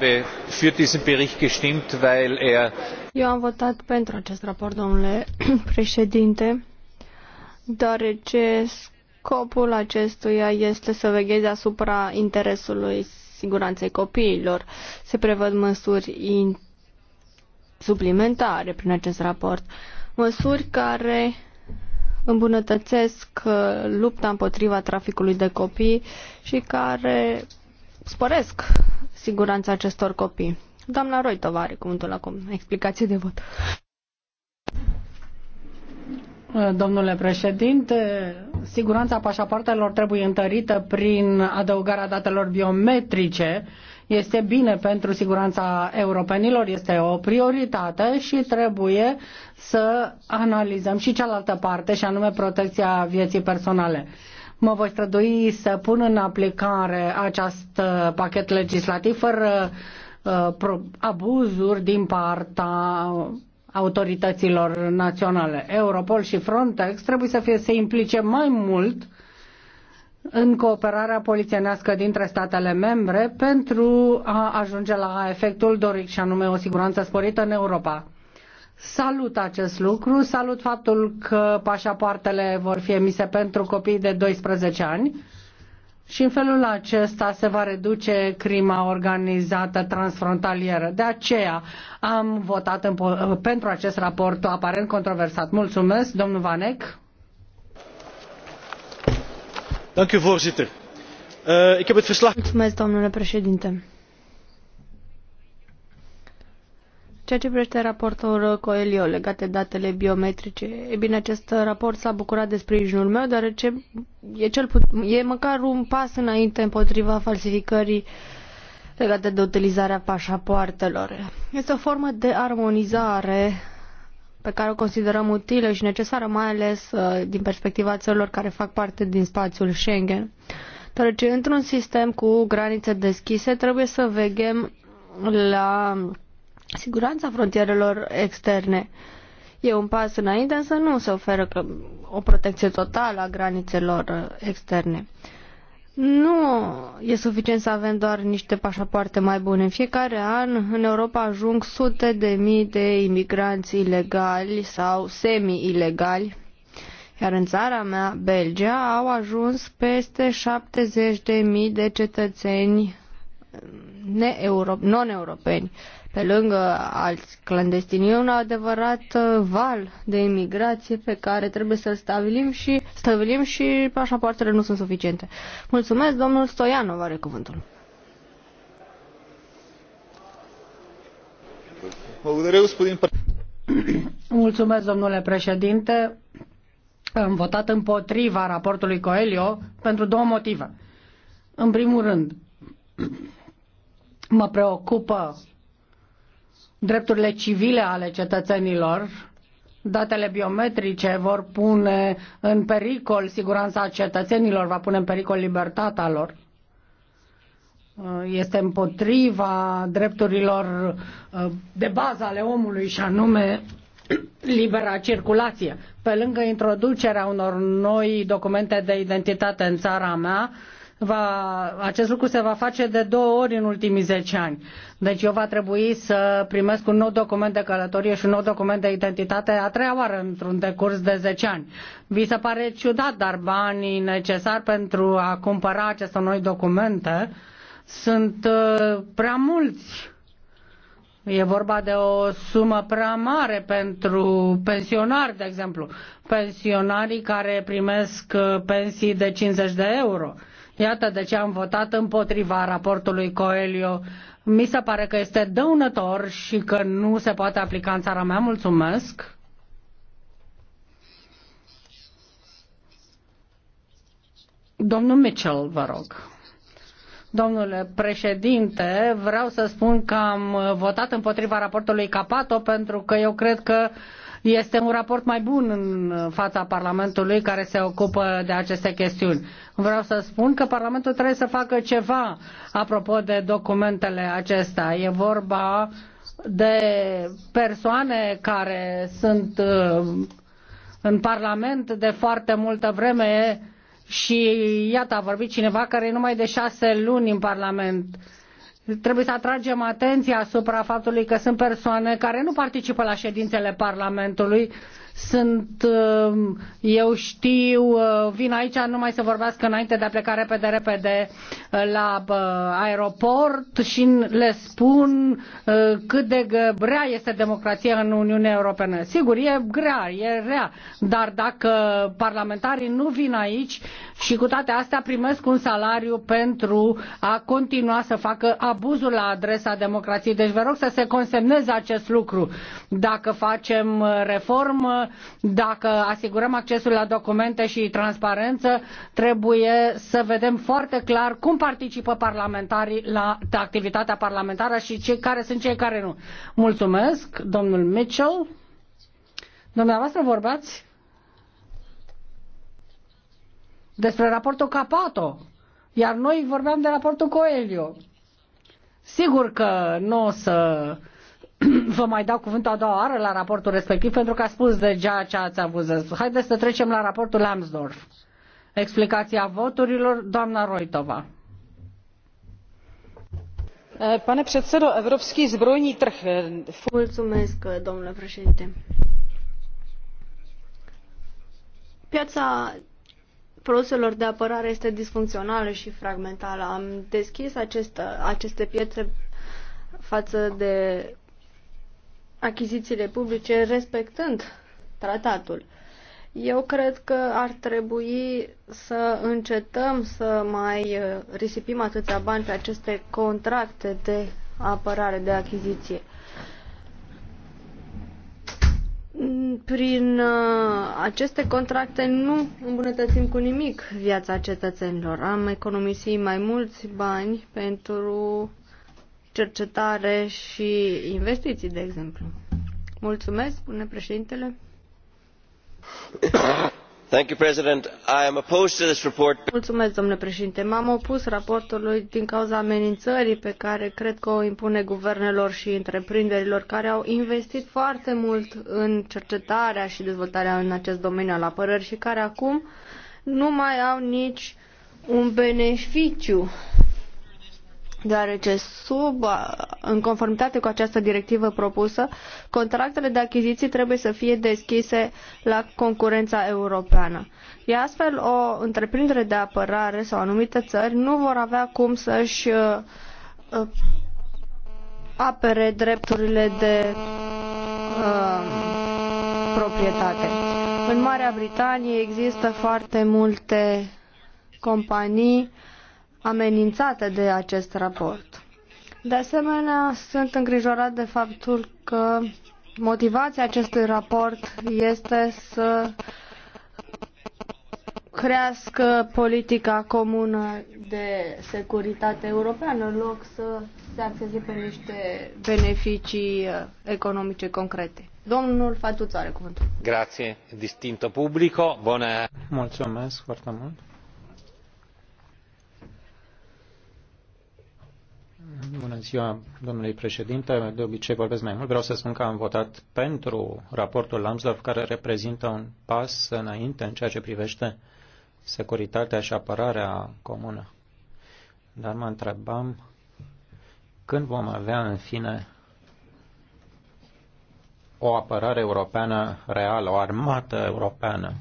Er Eu am votat pentru acest raport, domnule președinte, deoarece scopul acestuia este să vegheze asupra interesului siguranței copiilor. Se prevăd măsuri suplimentare prin acest raport, măsuri care îmbunătățesc uh, lupta împotriva traficului de copii și care sporesc siguranța acestor copii. Doamna Roitova are cuvântul acum. Explicație de vot. Domnule președinte, siguranța pașapoartelor trebuie întărită prin adăugarea datelor biometrice. Este bine pentru siguranța europenilor, este o prioritate și trebuie să analizăm și cealaltă parte, și anume protecția vieții personale mă voi strădui să pun în aplicare acest pachet legislativ fără uh, abuzuri din partea autorităților naționale. Europol și Frontex trebuie să fie, să implice mai mult în cooperarea polițienească dintre statele membre pentru a ajunge la efectul dorit și anume o siguranță sporită în Europa. Salut acest lucru, salut faptul că pașapoartele vor fi emise pentru copii de 12 ani și în felul acesta se va reduce crima organizată transfrontalieră. De aceea am votat în, pentru acest raport aparent controversat. Mulțumesc, domnul Vanec. Eh, Mulțumesc, domnule președinte. Ceea ce privește raportul Coelio legat de datele biometrice, e bine, acest raport s-a bucurat de sprijinul meu, deoarece e, cel put- e măcar un pas înainte împotriva falsificării legate de utilizarea pașapoartelor. Este o formă de armonizare pe care o considerăm utilă și necesară, mai ales uh, din perspectiva țărilor care fac parte din spațiul Schengen. Deoarece într-un sistem cu granițe deschise trebuie să veghem la siguranța frontierelor externe. E un pas înainte, însă nu se oferă o protecție totală a granițelor uh, externe. Nu e suficient să avem doar niște pașapoarte mai bune. În fiecare an în Europa ajung sute de mii de imigranți ilegali sau semi-ilegali, iar în țara mea, Belgia, au ajuns peste 70 de mii de cetățeni non-europeni pe lângă alți clandestini. E un adevărat uh, val de imigrație pe care trebuie să-l stabilim și stabilim și pașapoartele nu sunt suficiente. Mulțumesc, domnul Stoianov are cuvântul. Mulțumesc, domnule președinte. Am votat împotriva raportului Coelio pentru două motive. În primul rând, mă preocupă drepturile civile ale cetățenilor. Datele biometrice vor pune în pericol siguranța cetățenilor, va pune în pericol libertatea lor este împotriva drepturilor uh, de bază ale omului și anume libera circulație. Pe lângă introducerea unor noi documente de identitate în țara mea, va, acest lucru se va face de două ori în ultimii 10 ani. Deci eu va trebui să primesc un nou document de călătorie și un nou document de identitate a treia oară într-un decurs de 10 ani. Vi se pare ciudat, dar banii necesari pentru a cumpăra aceste noi documente sunt uh, prea mulți. E vorba de o sumă prea mare pentru pensionari, de exemplu. Pensionarii care primesc uh, pensii de 50 de euro Iată de ce am votat împotriva raportului Coelho. Mi se pare că este dăunător și că nu se poate aplica în țara mea. Mulțumesc! Domnul Mitchell, vă rog. Domnule președinte, vreau să spun că am votat împotriva raportului Capato pentru că eu cred că uh, este un raport mai bun în fața Parlamentului care se ocupă de aceste chestiuni. Vreau să spun că Parlamentul trebuie să facă ceva apropo de documentele acestea. E vorba de persoane care sunt uh, în Parlament de foarte multă vreme și iată a vorbit cineva care e numai de șase luni în Parlament Trebuie să atragem atenția asupra faptului că sunt persoane care nu participă la ședințele Parlamentului sunt, uh, eu știu, uh, vin aici numai să vorbească înainte de a pleca repede, repede uh, la aeroport și le spun cât de grea este democrația în Uniunea Europeană. Sigur, e grea, e rea, dar dacă parlamentarii nu vin aici și cu toate astea primesc un salariu pentru a continua să facă abuzul la adresa democrației. Deci vă rog să se consemneze acest lucru. Dacă facem reformă, dacă asigurăm accesul la documente și transparență, trebuie să vedem foarte clar cum participă parlamentarii la activitatea parlamentară și cei care sunt cei care nu. Mulțumesc, domnul Mitchell. Dumneavoastră vorbeați despre raportul Capato, iar noi vorbeam de raportul Coelho. Sigur că nu o să vă mai dau cuvântul a doua oară la raportul respectiv pentru că a spus deja ce ați avut să spus. Haideți să trecem la raportul Lambsdorff. Explicația voturilor, doamna Roitova. Pane předsedo, evropský zbrojní trh... Eh, Mulțumesc, eh, domnule președinte. Piața produselor de apărare este disfuncțională și fragmentală. Am deschis acest, aceste piețe față de achizițiile publice respectând tratatul. Eu cred că ar trebui să încetăm să mai uh, risipim atâția bani pe aceste contracte de apărare, de achiziție. Prin uh, aceste contracte nu îmbunătățim cu nimic viața cetățenilor. Am economisit mai mulți bani pentru cercetare și investiții, de exemplu. Mulțumesc, spune președintele. Thank you, President. I am opposed to this report. Mulțumesc, domnule președinte. M-am opus raportului din cauza amenințării pe care cred că o impune guvernelor și întreprinderilor care au investit foarte mult în cercetarea și dezvoltarea în acest domeniu al apărării și care acum nu mai au nici un beneficiu deoarece sub, în conformitate cu această directivă propusă, contractele de achiziții trebuie să fie deschise la concurența europeană. E astfel o întreprindere de apărare sau anumite țări nu vor avea cum să-și uh, uh, apere drepturile de uh, proprietate. În Marea Britanie există foarte multe companii uh, amenințate de acest raport. De asemenea, sunt îngrijorat de faptul că motivația acestui raport este să crească politica comună de securitate europeană în loc să se axeze pe niște beneficii uh, economice concrete. Domnul Fatuț are cuvântul. Grație, distinto publico, bună! Mulțumesc foarte mult! Bună ziua, domnului președinte. De obicei vorbesc mai mult. Vreau să spun că am votat pentru raportul Lambsdorff, care reprezintă un pas înainte în ceea ce privește securitatea și apărarea comună. Dar mă întrebam când vom avea, în fine, o apărare europeană reală, o armată europeană,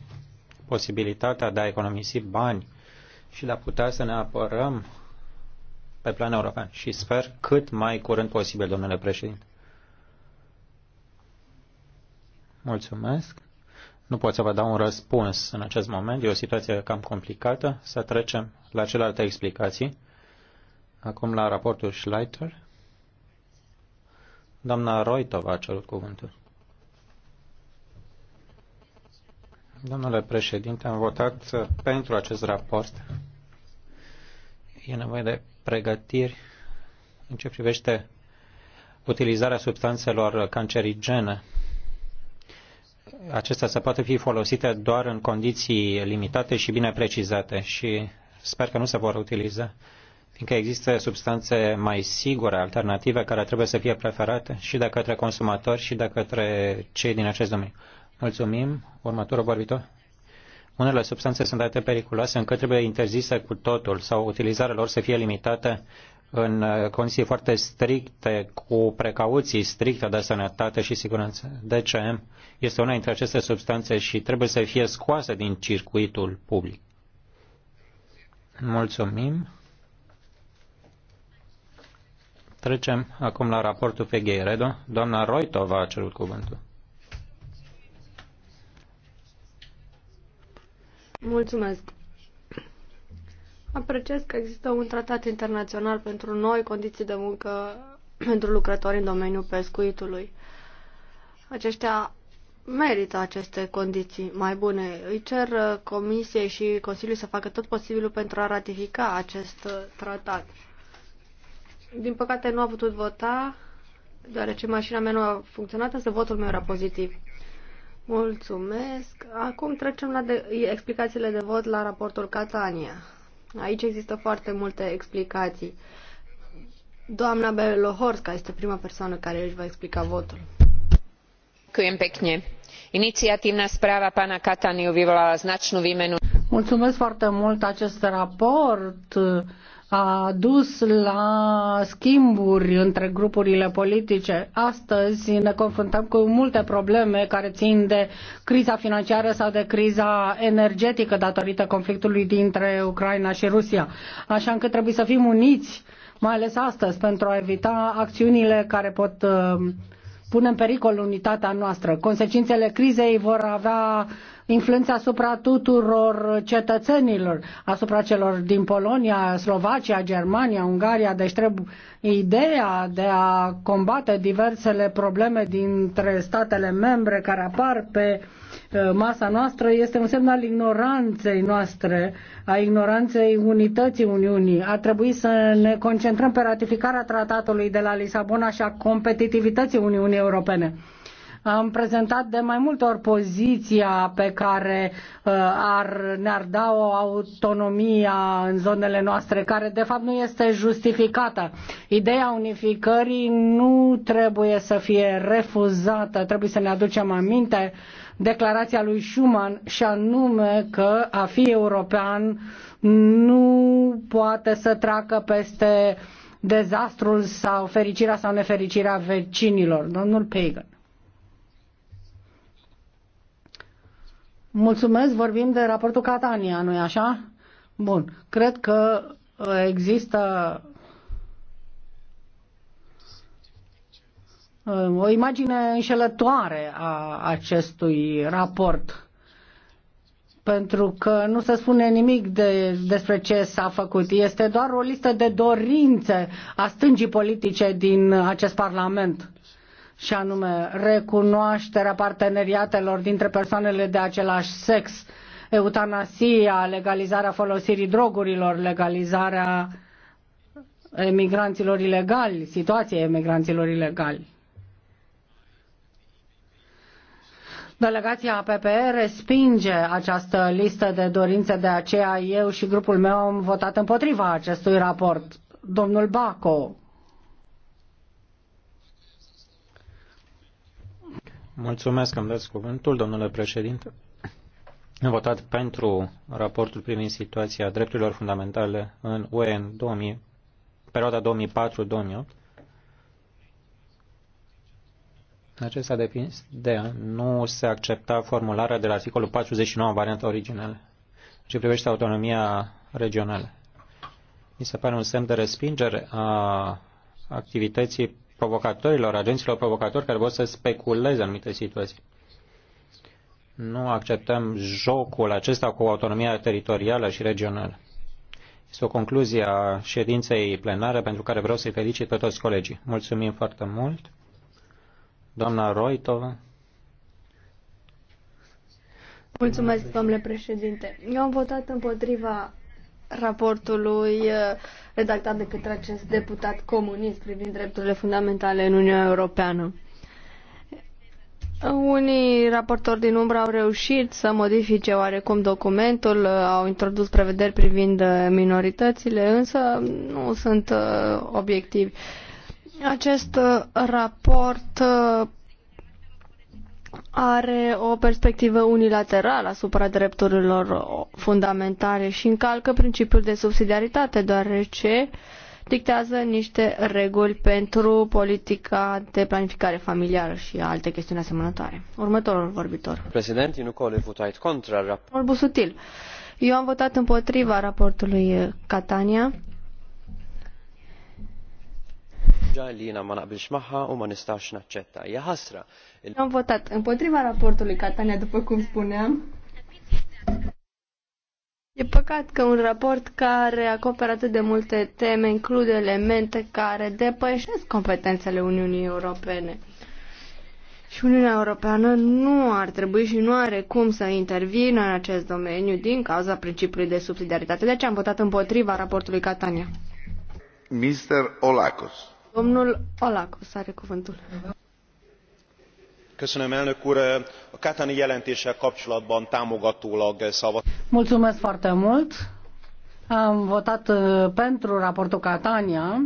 posibilitatea de a economisi bani și de a putea să ne apărăm pe plan european și sper cât mai curând posibil, domnule președinte. Mulțumesc. Nu pot să vă dau un răspuns în acest moment, e o situație cam complicată. Să trecem la celelalte explicații. Acum la raportul Schleiter. Doamna Roitova a cerut cuvântul. Domnule președinte, am votat pentru acest raport e nevoie de pregătiri în ce privește utilizarea substanțelor cancerigene. Acestea se poate fi folosite doar în condiții limitate și bine precizate și sper că nu se vor utiliza, fiindcă există substanțe mai sigure, alternative, care trebuie să fie preferate și de către consumatori și de către cei din acest domeniu. Mulțumim. Următorul vorbitor. Unele substanțe sunt atât periculoase încât trebuie interzise cu totul sau utilizarea lor să fie limitată în condiții foarte stricte, cu precauții stricte de sănătate și siguranță. DCM este una dintre aceste substanțe și trebuie să fie scoase din circuitul public. Mulțumim. Trecem acum la raportul pe Gheiredo. Doamna Roitova a cerut cuvântul. Mulțumesc. Apreciez că există un tratat internațional pentru noi condiții de muncă pentru lucrători în domeniul pescuitului. Aceștia merită aceste condiții mai bune. Îi cer Comisiei și Consiliului să facă tot posibilul pentru a ratifica acest tratat. Din păcate nu a putut vota, deoarece mașina mea nu a funcționat, însă votul meu era pozitiv. Mulțumesc. Acum trecem la de- explicațiile de vot la raportul Catania. Aici există foarte multe explicații. Doamna Belohorska este prima persoană care își va explica votul. Ďakujem pekne. Iniciatívna správa pána Kataniu vyvolala značnú výmenu. Mulțumesc foarte mult acest raport a dus la schimburi între grupurile politice. Astăzi ne confruntăm cu multe probleme care țin de criza financiară sau de criza energetică datorită conflictului dintre Ucraina și Rusia. Așa încât trebuie să fim uniți, mai ales astăzi, pentru a evita acțiunile care pot uh, pune în pericol unitatea noastră. Consecințele crizei vor avea influența asupra tuturor cetățenilor, asupra celor din Polonia, Slovacia, Germania, Ungaria. Deci trebuie ideea de a combate diversele probleme dintre statele membre care apar pe uh, masa noastră este un semn al ignoranței noastre, a ignoranței unității Uniunii. Ar trebui să ne concentrăm pe ratificarea tratatului de la Lisabona și a competitivității Uniunii Europene. Am prezentat de mai multe ori poziția pe care uh, ar, ne-ar da o autonomia în zonele noastre, care de fapt nu este justificată. Ideea unificării nu trebuie să fie refuzată, trebuie să ne aducem aminte declarația lui Schuman și anume că a fi european nu poate să treacă peste dezastrul sau fericirea sau nefericirea vecinilor. Domnul Pagan. Mulțumesc, vorbim de raportul Catania, nu-i așa? Bun, cred că uh, există uh, o imagine înșelătoare a acestui raport pentru că nu se spune nimic de, despre ce s-a făcut. Este doar o listă de dorințe a stângii politice din acest Parlament și anume recunoașterea parteneriatelor dintre persoanele de același sex, eutanasia, legalizarea folosirii drogurilor, legalizarea emigranților ilegali, situația emigranților ilegali. Delegația PPE respinge această listă de dorințe, de aceea eu și grupul meu am votat împotriva acestui raport. Domnul Baco, Mulțumesc că îmi dați cuvântul, domnule președinte. Am votat pentru raportul privind situația drepturilor fundamentale în UE în 2000, perioada 2004-2008. Acesta depins de nu se accepta formularea de la articolul 49 în varianta originală ce privește autonomia regională. Mi se pare un semn de respingere a activității provocatorilor, agenților provocatori care vor să speculeze anumite situații. Nu acceptăm jocul acesta cu autonomia teritorială și regională. Este o concluzie a ședinței plenare pentru care vreau să-i felicit pe toți colegii. Mulțumim foarte mult. Doamna Roitova. Mulțumesc, domnule președinte. Eu am votat împotriva raportului uh, redactat de către acest deputat comunist privind drepturile fundamentale în Uniunea Europeană. Unii raportori din umbră au reușit să modifice oarecum documentul, uh, au introdus prevederi privind uh, minoritățile, însă nu sunt obiectivi. Acest raport are o perspectivă unilaterală asupra drepturilor fundamentale și încalcă principiul de subsidiaritate, deoarece dictează niște reguli pentru politica de planificare familială și alte chestiuni asemănătoare. Următorul vorbitor. Președinte, nu votat contra Eu am votat împotriva raportului Catania Am votat împotriva raportului Catania, după cum spuneam. E păcat că un raport care acoperă atât de multe teme include elemente care depășesc competențele Uniunii Europene. Și Uniunea Europeană nu ar trebui și nu are cum să intervină în acest domeniu din cauza principiului de subsidiaritate. De deci ce am votat împotriva raportului Catania? Mr. Olakos. Domnul Olakos are cuvântul. Köszönöm, elnök úr. A Kátani jelentéssel kapcsolatban támogatólag szavaz. Mulțumesc foarte mult. Am votat uh, pentru raportul Catania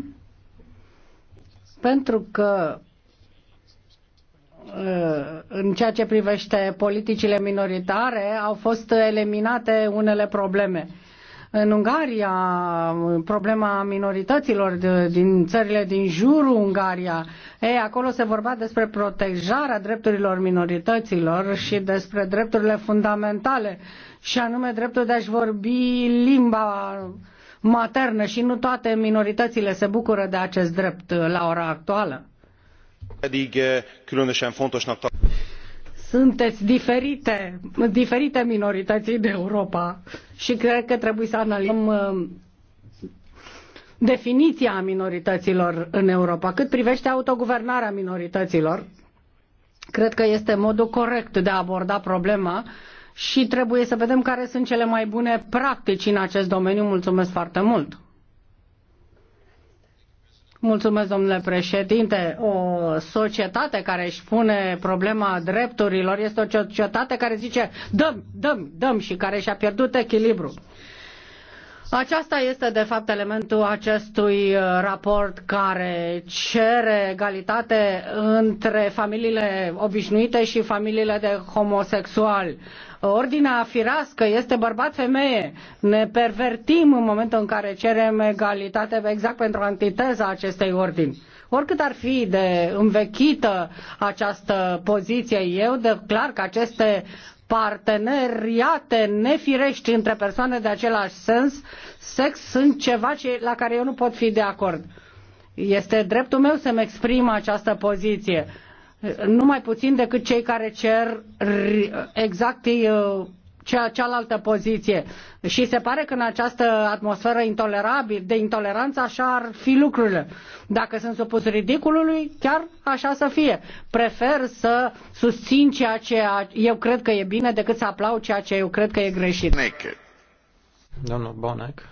pentru că uh, în ceea ce privește politicile minoritare au fost eliminate unele probleme în Ungaria, problema minorităților de, din țările din jurul Ungaria, ei, acolo se vorba despre protejarea drepturilor minorităților și despre drepturile fundamentale, și anume dreptul de a-și vorbi limba maternă și nu toate minoritățile se bucură de acest drept la ora actuală. Pedig sunteți diferite, diferite minorități de Europa și cred că trebuie să analizăm uh, definiția minorităților în Europa. Cât privește autoguvernarea minorităților, cred că este modul corect de a aborda problema și trebuie să vedem care sunt cele mai bune practici în acest domeniu. Mulțumesc foarte mult! Mulțumesc, domnule președinte. O societate care își pune problema drepturilor este o societate care zice dăm, dăm, dăm și care și-a pierdut echilibru. Aceasta este, de fapt, elementul acestui uh, raport care cere egalitate între familiile obișnuite și familiile de homosexuali ordinea firească este bărbat-femeie. Ne pervertim în momentul în care cerem egalitate exact pentru antiteza acestei ordini. Oricât ar fi de învechită această poziție, eu declar că aceste parteneriate nefirești între persoane de același sens, sex, sunt ceva ce, la care eu nu pot fi de acord. Este dreptul meu să-mi exprim această poziție nu mai puțin decât cei care cer exact uh, cea, cealaltă poziție. Și se pare că în această atmosferă intolerabil, de intoleranță așa ar fi lucrurile. Dacă sunt supus ridiculului, chiar așa să fie. Prefer să susțin ceea ce eu cred că e bine decât să aplaud ceea ce eu cred că e greșit. Domnul Bonec.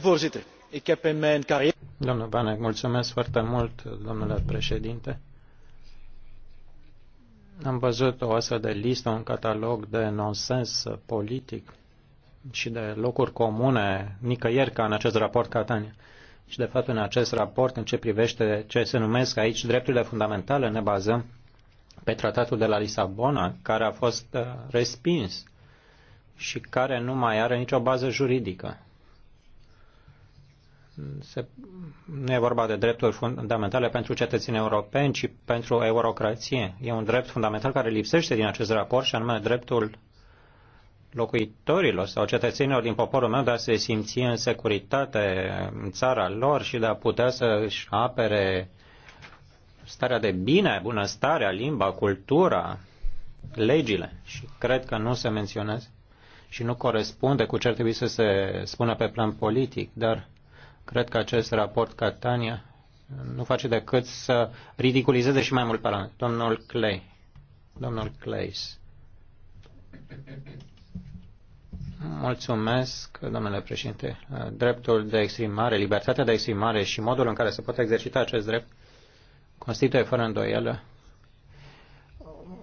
Voorzitter, ik heb in mijn carrière Domnul Banec, mulțumesc foarte mult, domnule președinte. Am văzut o astfel de listă, un catalog de nonsens politic și de locuri comune, nicăieri ca în acest raport Catania. Și de fapt în acest raport, în ce privește ce se numesc aici drepturile fundamentale, ne bazăm pe tratatul de la Lisabona, care a fost uh, respins și care nu mai are nicio bază juridică se, nu e vorba de drepturi fundamentale pentru cetățenii europeni, ci pentru eurocrație. E un drept fundamental care lipsește din acest raport și anume dreptul locuitorilor sau cetățenilor din poporul meu de a se simți în securitate în țara lor și de a putea să-și apere starea de bine, bunăstarea, limba, cultura, legile. Și cred că nu se menționează și nu corespunde cu ce ar trebui să se spună pe plan politic, dar Cred că acest raport Catania nu face decât să ridiculizeze și mai mult Parlamentul. Domnul Clay. Domnul Clays. Mulțumesc, domnule președinte. Dreptul de exprimare, libertatea de exprimare și modul în care se poate exercita acest drept constituie fără îndoială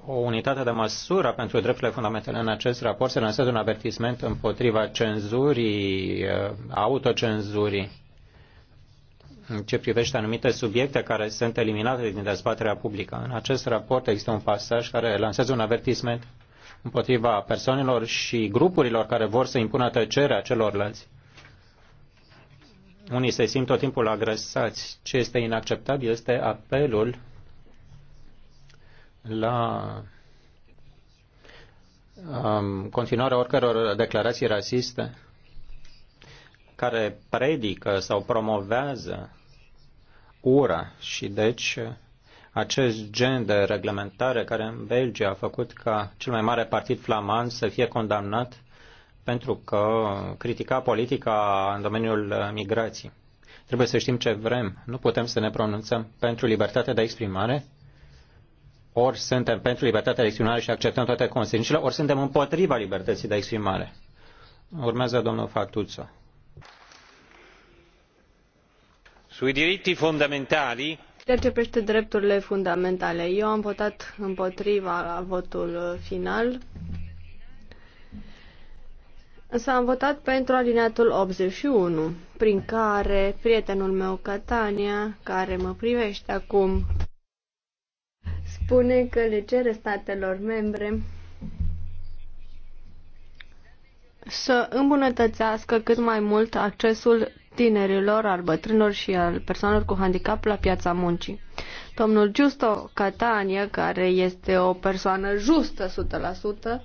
o unitate de măsură pentru drepturile fundamentale. În acest raport se lansează un avertisment împotriva cenzurii, autocenzurii în ce privește anumite subiecte care sunt eliminate din dezbaterea publică. În acest raport există un pasaj care lansează un avertisment împotriva persoanelor și grupurilor care vor să impună tăcerea celorlalți. Unii se simt tot timpul agresați. Ce este inacceptabil este apelul la um, continuarea oricăror declarații rasiste care predică sau promovează ură și deci acest gen de reglementare care în Belgia a făcut ca cel mai mare partid flamand să fie condamnat pentru că critica politica în domeniul uh, migrației. Trebuie să știm ce vrem. Nu putem să ne pronunțăm pentru libertatea de exprimare, ori suntem pentru libertatea de exprimare și acceptăm toate consecințele, ori suntem împotriva libertății de exprimare. Urmează domnul Fatuță. sui diritti fondamentali ceea ce privește drepturile fundamentale eu am votat împotriva la votul final însă am votat pentru alineatul 81 prin care prietenul meu Catania care mă privește acum spune că le cere statelor membre să îmbunătățească cât mai mult accesul tinerilor, al bătrânilor și al persoanelor cu handicap la piața muncii. Domnul Giusto Catania, care este o persoană justă 100%,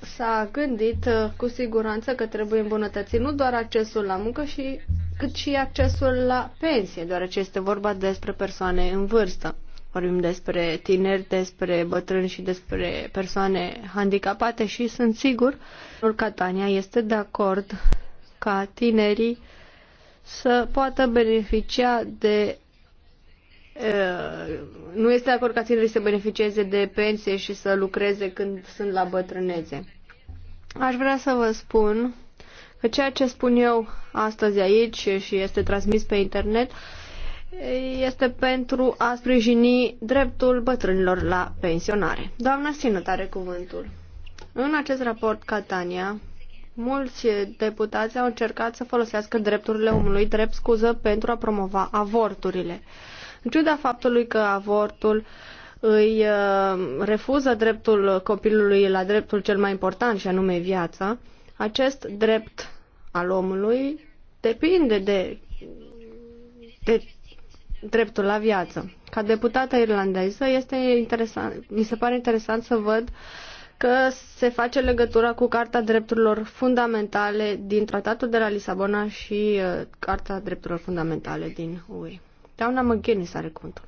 s-a gândit uh, cu siguranță că trebuie îmbunătățit nu doar accesul la muncă, și, cât și accesul la pensie, deoarece este vorba despre persoane în vârstă. Vorbim despre tineri, despre bătrâni și despre persoane handicapate și sunt sigur că Catania este de acord ca tinerii să poată beneficia de nu este de acord ca tinerii să beneficieze de pensie și să lucreze când sunt la bătrânețe. Aș vrea să vă spun că ceea ce spun eu astăzi aici și este transmis pe internet este pentru a sprijini dreptul bătrânilor la pensionare. Doamna Sină are cuvântul. În acest raport, Catania, Mulți deputați au încercat să folosească drepturile omului drept scuză pentru a promova avorturile. În ciuda faptului că avortul îi uh, refuză dreptul copilului la dreptul cel mai important și anume viața, acest drept al omului depinde de, de dreptul la viață. Ca deputată irlandeză, este interesant, mi se pare interesant să văd uh, că se face legătura cu Carta Drepturilor Fundamentale din Tratatul de la Lisabona și uh, Carta Drepturilor Fundamentale din UE. Doamna McGuinness are cuvântul.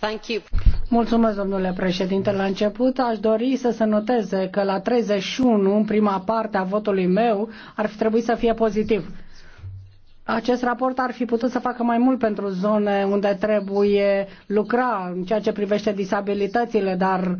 Thank you. Mulțumesc, domnule președinte. La început aș dori să se noteze că la 31, în prima parte a votului meu, ar fi trebuit să fie pozitiv. Acest raport ar fi putut să facă mai mult pentru zone unde trebuie lucra în ceea ce privește disabilitățile, dar uh,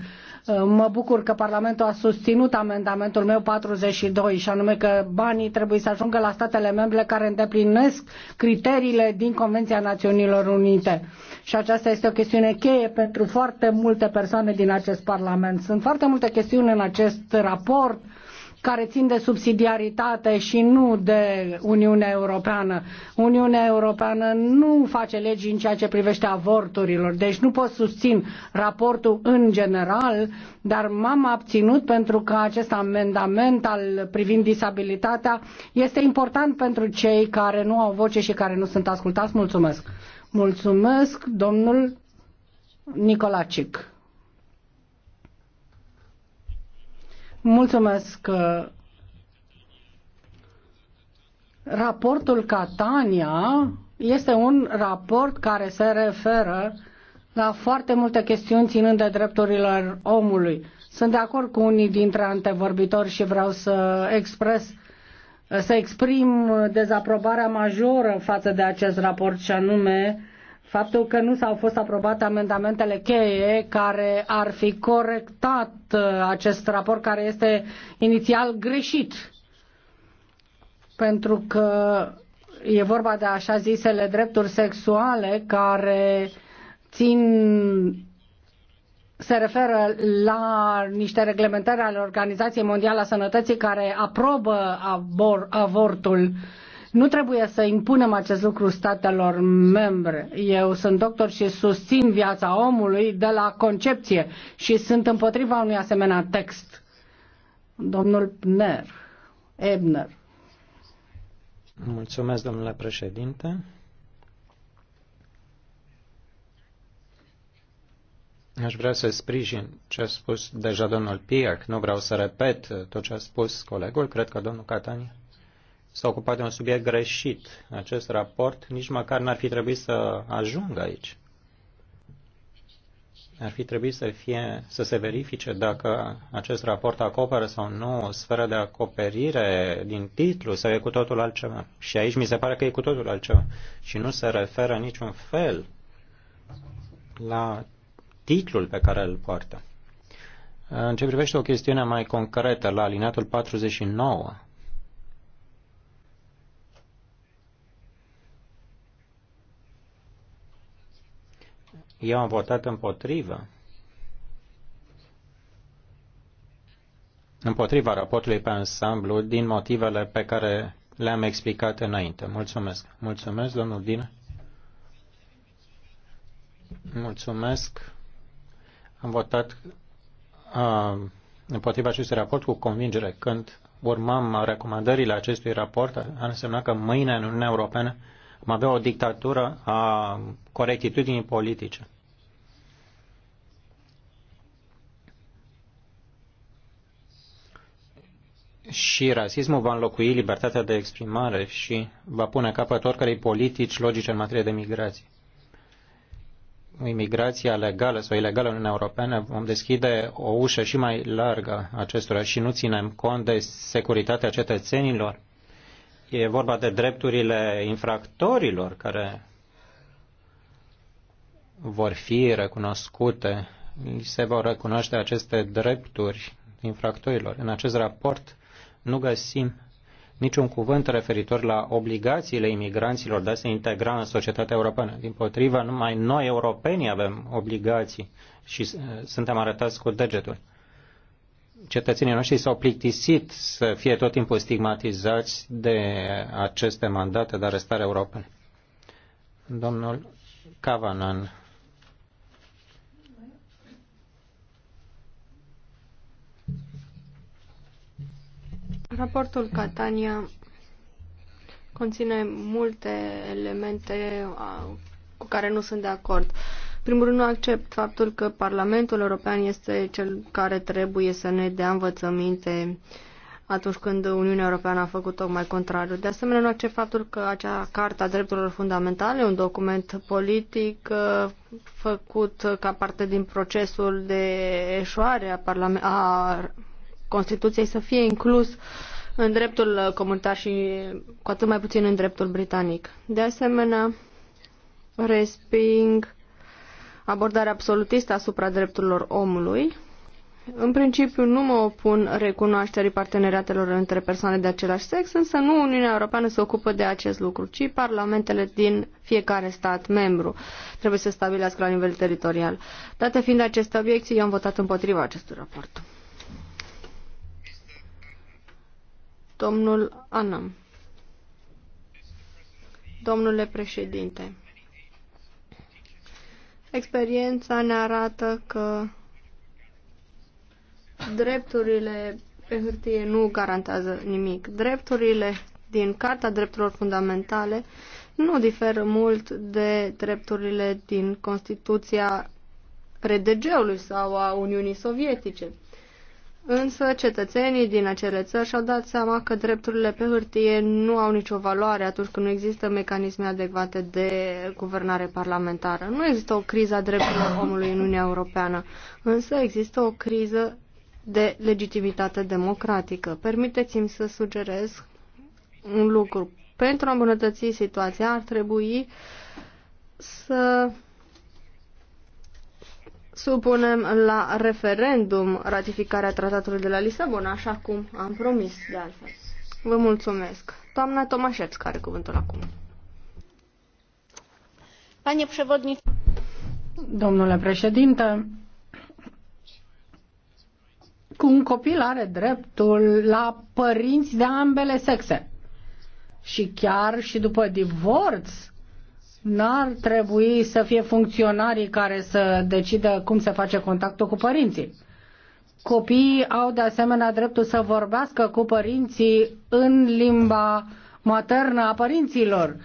Uh, mă bucur că Parlamentul a susținut amendamentul meu 42 și anume că banii trebuie să ajungă la statele membre care îndeplinesc criteriile din Convenția Națiunilor Unite. Și aceasta este o chestiune cheie pentru foarte multe persoane din acest Parlament. Sunt foarte multe chestiuni în acest raport uh, care țin de subsidiaritate și nu de Uniunea Europeană. Uniunea Europeană nu face legi în ceea ce privește avorturilor, deci nu pot susțin raportul în general, dar m-am abținut pentru că acest amendament al privind disabilitatea este important pentru cei care nu au voce și care nu sunt ascultați. Mulțumesc! Mulțumesc, domnul Nicolacic. Mulțumesc. Raportul Catania este un raport care se referă la foarte multe chestiuni ținând de drepturile omului. Sunt de acord cu unii dintre antevorbitori și vreau să expres să exprim dezaprobarea majoră față de acest raport și anume faptul că nu s-au fost aprobate amendamentele cheie care ar fi corectat uh, acest raport care este inițial greșit. Pentru că e vorba de așa zisele drepturi sexuale care țin se referă la niște reglementări ale Organizației Mondiale a Sănătății care aprobă abor, avortul nu trebuie să impunem acest lucru statelor membre. Eu sunt doctor și susțin viața omului de la concepție și sunt împotriva unui asemenea text. Domnul Pner, Ebner. Mulțumesc, domnule președinte. Aș vrea să sprijin ce a spus deja domnul Piac. Nu vreau să repet tot ce a spus colegul, cred că domnul Catania s-a ocupat de un subiect greșit. Acest raport nici măcar n-ar fi trebuit să ajungă aici. Ar fi trebuit să, fie, să se verifice dacă acest raport acoperă sau nu o sferă de acoperire din titlu sau e cu totul altceva. Și aici mi se pare că e cu totul altceva. Și nu se referă niciun fel la titlul pe care îl poartă. În ce privește o chestiune mai concretă, la alinatul 49, Eu am votat împotrivă. Împotriva raportului pe ansamblu din motivele pe care le-am explicat înainte. Mulțumesc. Mulțumesc, domnul Din. Mulțumesc. Am votat uh, împotriva acestui raport cu convingere. Când urmam recomandările acestui raport, a însemnat că mâine în Uniunea Europeană cum avea o dictatură a corectitudinii politice. și rasismul va înlocui libertatea de exprimare și va pune capăt oricărei politici logice în materie de migrație. Imigrația legală sau ilegală în Uniunea Europeană vom deschide o ușă și mai largă acestora și nu ținem cont de securitatea cetățenilor E vorba de drepturile infractorilor care vor fi recunoscute, se vor recunoaște aceste drepturi infractorilor. În acest raport nu găsim niciun cuvânt referitor la obligațiile imigranților de a se integra în societatea europeană. Din potriva, numai noi europenii avem obligații și eh, suntem arătați cu degetul cetățenii noștri s-au plictisit să fie tot timpul stigmatizați de aceste mandate de arestare europene. Domnul Cavanan. Raportul Catania conține multe elemente cu care nu sunt de acord. Uh, primul rând, nu accept faptul că Parlamentul European este cel care trebuie să ne dea învățăminte atunci când Uniunea Europeană a făcut tocmai contrariu. De asemenea, nu accept faptul că acea Carta a Drepturilor Fundamentale, un document politic uh, făcut ca parte din procesul de eșoare a, Parlament- a Constituției, să fie inclus în dreptul comunitar și cu atât mai puțin în dreptul britanic. De asemenea, resping abordare absolutistă asupra drepturilor omului. În principiu nu mă opun recunoașterii parteneriatelor între persoane de același sex, însă nu Uniunea Europeană se ocupă de acest lucru, ci parlamentele din fiecare stat membru trebuie să stabilească la nivel teritorial. Date fiind aceste obiecții, eu am votat împotriva acestui raport. Domnul Anam. Domnule președinte. Experiența ne arată că drepturile pe hârtie nu garantează nimic. Drepturile din Carta Drepturilor Fundamentale nu diferă mult de drepturile din Constituția RDG-ului sau a Uniunii Sovietice. Însă cetățenii din acele țări și-au dat seama că drepturile pe hârtie nu au nicio valoare atunci când nu există mecanisme adecvate de guvernare parlamentară. Nu există o criză a drepturilor omului în Uniunea Europeană, însă există o criză de legitimitate democratică. Permiteți-mi să sugerez un lucru. Pentru a îmbunătăți situația ar trebui să supunem la referendum ratificarea tratatului de la Lisabona, așa cum am promis de altfel. Vă mulțumesc. Doamna Tomașeț, care cuvântul acum. Panie președinte. Domnule președinte, cu un copil are dreptul la părinți de ambele sexe. Și chiar și după divorț N-ar trebui să fie funcționarii care să decidă cum se face contactul cu părinții. Copiii au de asemenea dreptul să vorbească cu părinții în limba maternă a părinților.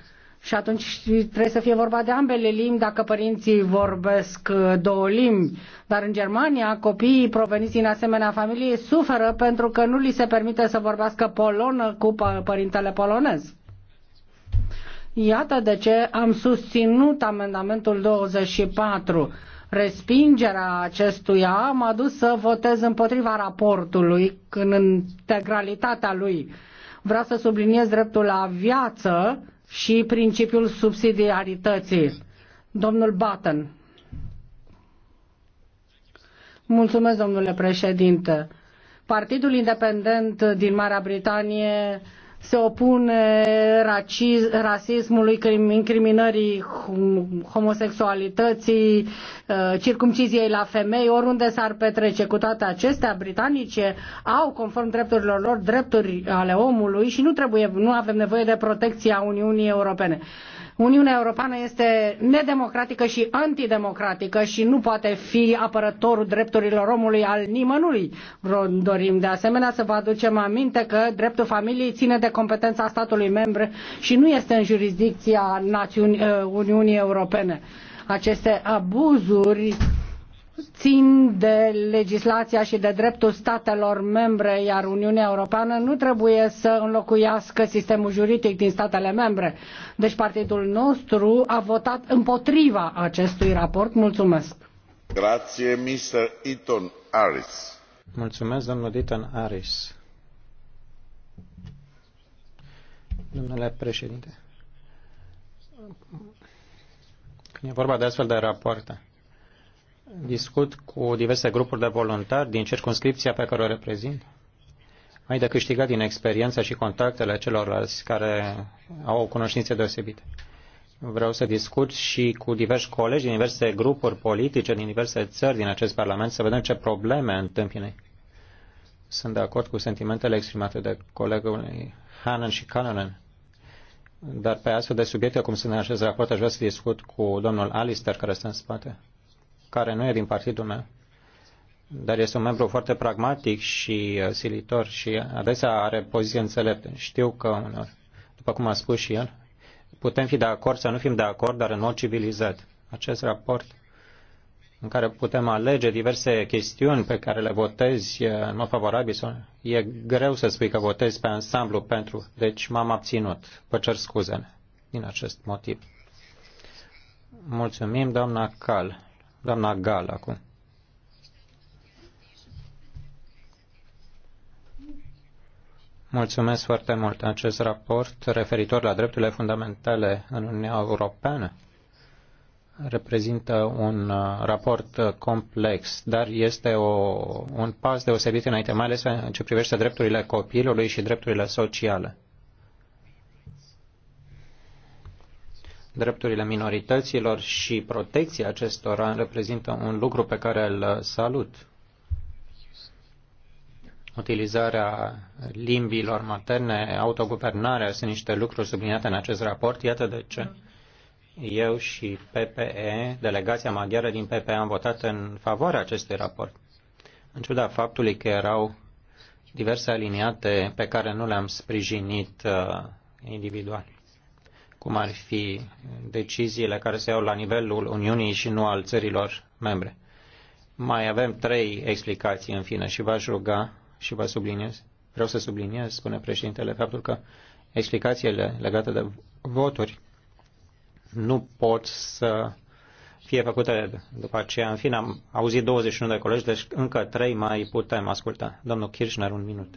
Și atunci trebuie să fie vorba de ambele limbi dacă părinții vorbesc uh, două limbi. Dar în Germania copiii proveniți din asemenea familie suferă pentru că nu li se permite să vorbească polonă cu părintele polonez. Iată de ce am susținut amendamentul 24. Respingerea acestuia m-a adus să votez împotriva raportului în integralitatea lui. Vreau să subliniez dreptul la viață și principiul subsidiarității. Domnul Batten. Mulțumesc, domnule președinte. Partidul Independent din Marea Britanie se opune raciz, rasismului, incriminării homosexualității, uh, circumciziei la femei, oriunde s-ar petrece. Cu toate acestea, britanicii au, conform drepturilor lor, drepturi ale omului și nu, trebuie, nu avem nevoie de protecția Uniunii Europene. Uniunea Europeană este nedemocratică și antidemocratică și nu poate fi apărătorul drepturilor omului al nimănui. Dorim de asemenea să vă aducem aminte că dreptul familiei ține de competența statului membru și nu este în jurisdicția Națiuni, uh, Uniunii Europene. Aceste abuzuri țin de legislația și de dreptul statelor membre, iar Uniunea Europeană nu trebuie să înlocuiască sistemul juridic din statele membre. Deci partidul nostru a votat împotriva acestui raport. Mulțumesc. Mr. Eton Harris. Mulțumesc, domnul Eton Harris. Domnule președinte, când e vorba de astfel de rapoarte, discut cu diverse grupuri de voluntari din circunscripția pe care o reprezint. Mai de câștigat din experiența și contactele celorlalți care au o cunoștință deosebită. Vreau să discut și cu diversi colegi din diverse grupuri politice, din diverse țări din acest Parlament, să vedem ce probleme întâmpină. Sunt de acord cu sentimentele exprimate de colegul Hannan și Cannonen. dar pe astfel de subiecte, cum sunt în acest raport, aș vrea să discut cu domnul Alister, care stă în spate care nu e din partidul meu, dar este un membru foarte pragmatic și uh, silitor și adesea are poziții înțelepte. Știu că după cum a spus și el, putem fi de acord sau nu fim de acord, dar în mod civilizat. Acest raport în care putem alege diverse chestiuni pe care le votezi uh, în mod favorabil, sau e greu să spui că votezi pe ansamblu pentru, deci m-am abținut. Vă cer scuze din acest motiv. Mulțumim, doamna Cal. Doamna Gal acum. Mulțumesc foarte mult. Acest raport referitor la drepturile fundamentale în Uniunea Europeană reprezintă un uh, raport uh, complex, dar este o, un pas deosebit înainte, mai ales în ce privește drepturile copilului și drepturile sociale. drepturile minorităților și protecția acestora reprezintă un lucru pe care îl salut. Utilizarea limbilor materne, autoguvernarea sunt niște lucruri subliniate în acest raport. Iată de ce eu și PPE, delegația maghiară din PPE, am votat în favoarea acestui raport. În ciuda faptului că erau diverse aliniate pe care nu le-am sprijinit uh, individual cum ar fi deciziile care se iau la nivelul Uniunii și nu al țărilor membre. Mai avem trei explicații în fine și v-aș ruga și vă subliniez, vreau să subliniez, spune președintele, faptul că explicațiile legate de voturi nu pot să fie făcute după aceea. În fine, am auzit 21 de colegi, deci încă trei mai putem asculta. Domnul Kirchner, un minut.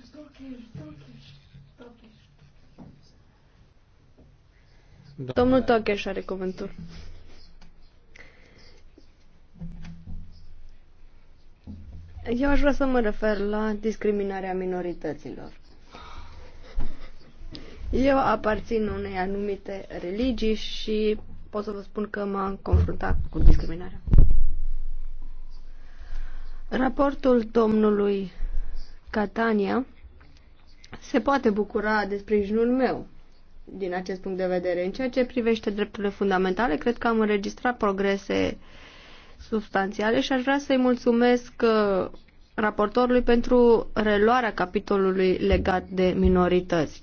Da. Domnul Tocheș are cuvântul. Eu aș vrea să mă refer la discriminarea minorităților. Eu aparțin unei anumite religii și pot să vă spun că m-am confruntat cu discriminarea. Raportul domnului Catania se poate bucura de sprijinul meu, din acest punct de vedere. În ceea ce privește drepturile fundamentale, cred că am înregistrat progrese substanțiale și aș vrea să-i mulțumesc uh, raportorului pentru reluarea capitolului legat de minorități.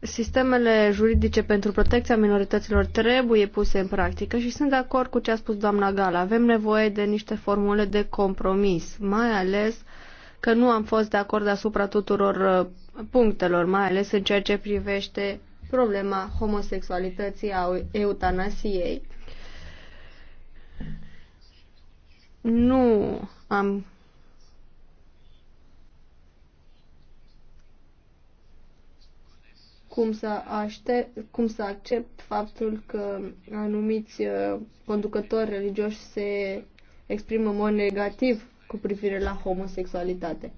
Sistemele juridice pentru protecția minorităților trebuie puse în practică și sunt de acord cu ce a spus doamna Gala. Avem nevoie de niște formule de compromis, mai ales uh, că nu am fost de acord asupra tuturor uh, punctelor, mai ales în ceea ce privește problema homosexualității a eutanasiei. Nu am cum să, aștept, cum să accept faptul că anumiți uh, conducători religioși se exprimă în mod negativ cu privire la homosexualitate.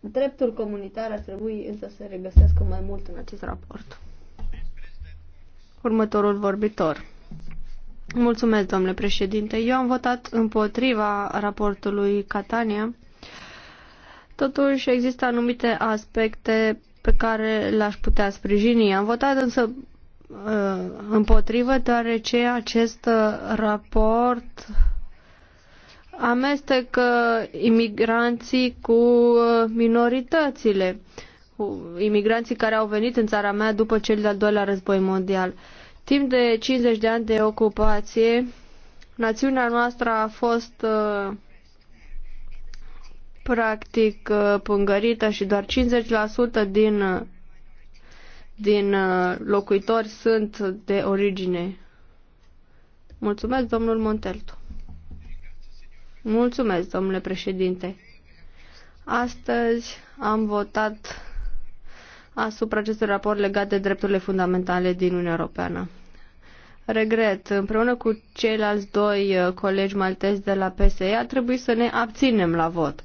Dreptul comunitar ar trebui însă să se regăsească mai mult în acest raport. Următorul vorbitor. Mulțumesc, domnule președinte. Eu am votat împotriva raportului Catania. Totuși există anumite aspecte pe care le-aș putea sprijini. Am votat însă uh, împotrivă deoarece acest uh, raport amestecă imigranții cu uh, minoritățile, cu imigranții care au venit în țara mea după cel de-al doilea război mondial. Timp de 50 de ani de ocupație, națiunea noastră a fost uh, practic uh, pângărită și doar 50% din, din locuitori sunt de origine. Mulțumesc, domnul Montelto. Mulțumesc, domnule președinte. Astăzi am votat asupra acestui raport legat de drepturile fundamentale din Uniunea Europeană. Regret, împreună cu ceilalți doi uh, colegi maltezi de la PSE, a trebuit să ne abținem la vot.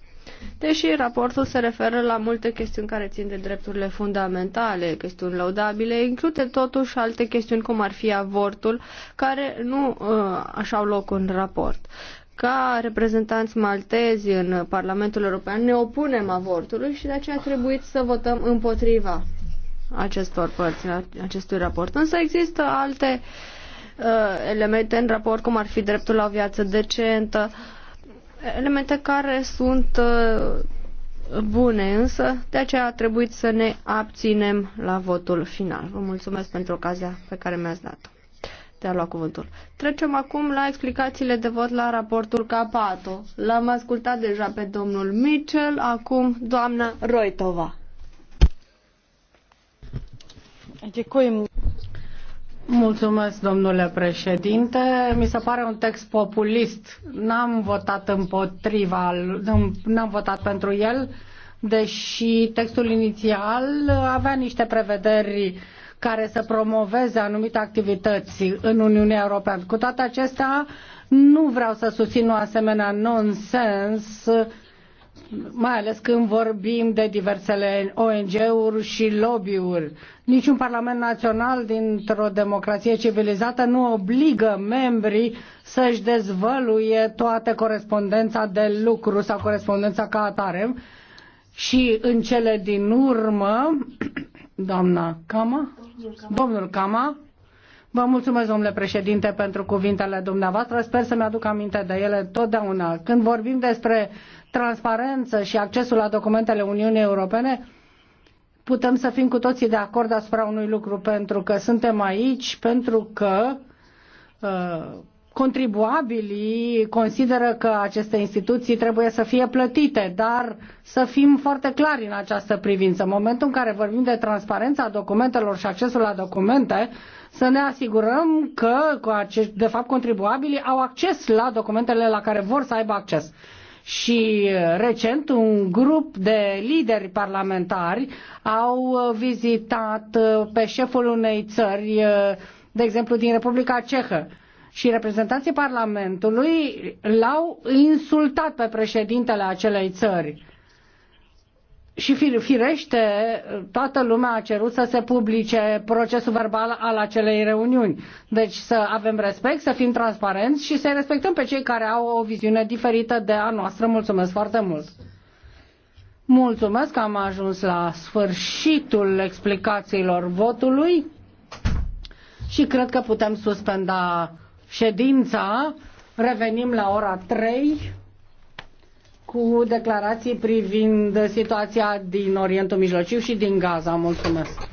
Deși raportul se referă la multe chestiuni care țin de drepturile fundamentale, chestiuni laudabile, include totuși alte chestiuni cum ar fi avortul, care nu uh, așa au loc în raport ca reprezentanți maltezi în Parlamentul European ne opunem avortului și de aceea a trebuit să votăm împotriva acestor părți, acestui raport. Însă există alte uh, elemente în raport, cum ar fi dreptul la o viață decentă, elemente care sunt uh, bune, însă de aceea a trebuit să ne abținem la votul final. Vă mulțumesc pentru ocazia pe care mi-ați dat-o de a lua cuvântul. Trecem acum la explicațiile de vot la raportul Capato. L-am ascultat deja pe domnul Mitchell, acum doamna Roitova. Mulțumesc, domnule președinte. Mi se pare un text populist. N-am votat împotriva, n-am votat pentru el, deși textul inițial avea niște prevederi care să promoveze anumite activități în Uniunea Europeană. Cu toate acestea, nu vreau să susțin o asemenea nonsens mai ales când vorbim de diversele ONG-uri și lobby-uri. Niciun parlament național dintr-o democrație civilizată nu obligă membrii să-și dezvăluie toată corespondența de lucru sau corespondența ca atare. Și în cele din urmă, doamna Cama, Domnul Cama. Vă mulțumesc, domnule președinte, pentru cuvintele dumneavoastră. Sper să-mi aduc aminte de ele totdeauna. Când vorbim despre transparență și accesul la documentele Uniunii Europene, putem să fim cu toții de acord asupra unui lucru, pentru că suntem aici, pentru că uh, Contribuabilii consideră că aceste instituții trebuie să fie plătite, dar să fim foarte clari în această privință. În momentul în care vorbim de transparența documentelor și accesul la documente, să ne asigurăm că, de fapt, contribuabilii au acces la documentele la care vor să aibă acces și recent un grup de lideri parlamentari au vizitat pe șeful unei țări, de exemplu din Republica Cehă și reprezentanții Parlamentului l-au insultat pe președintele acelei țări. Și firește, toată lumea a cerut să se publice procesul verbal al acelei reuniuni. Deci să avem respect, să fim transparenți și să-i respectăm pe cei care au o viziune diferită de a noastră. Mulțumesc foarte mult! Mulțumesc că am ajuns la sfârșitul explicațiilor votului și cred că putem suspenda ședința. Revenim la ora 3 cu declarații privind situația din Orientul Mijlociu și din Gaza. Mulțumesc!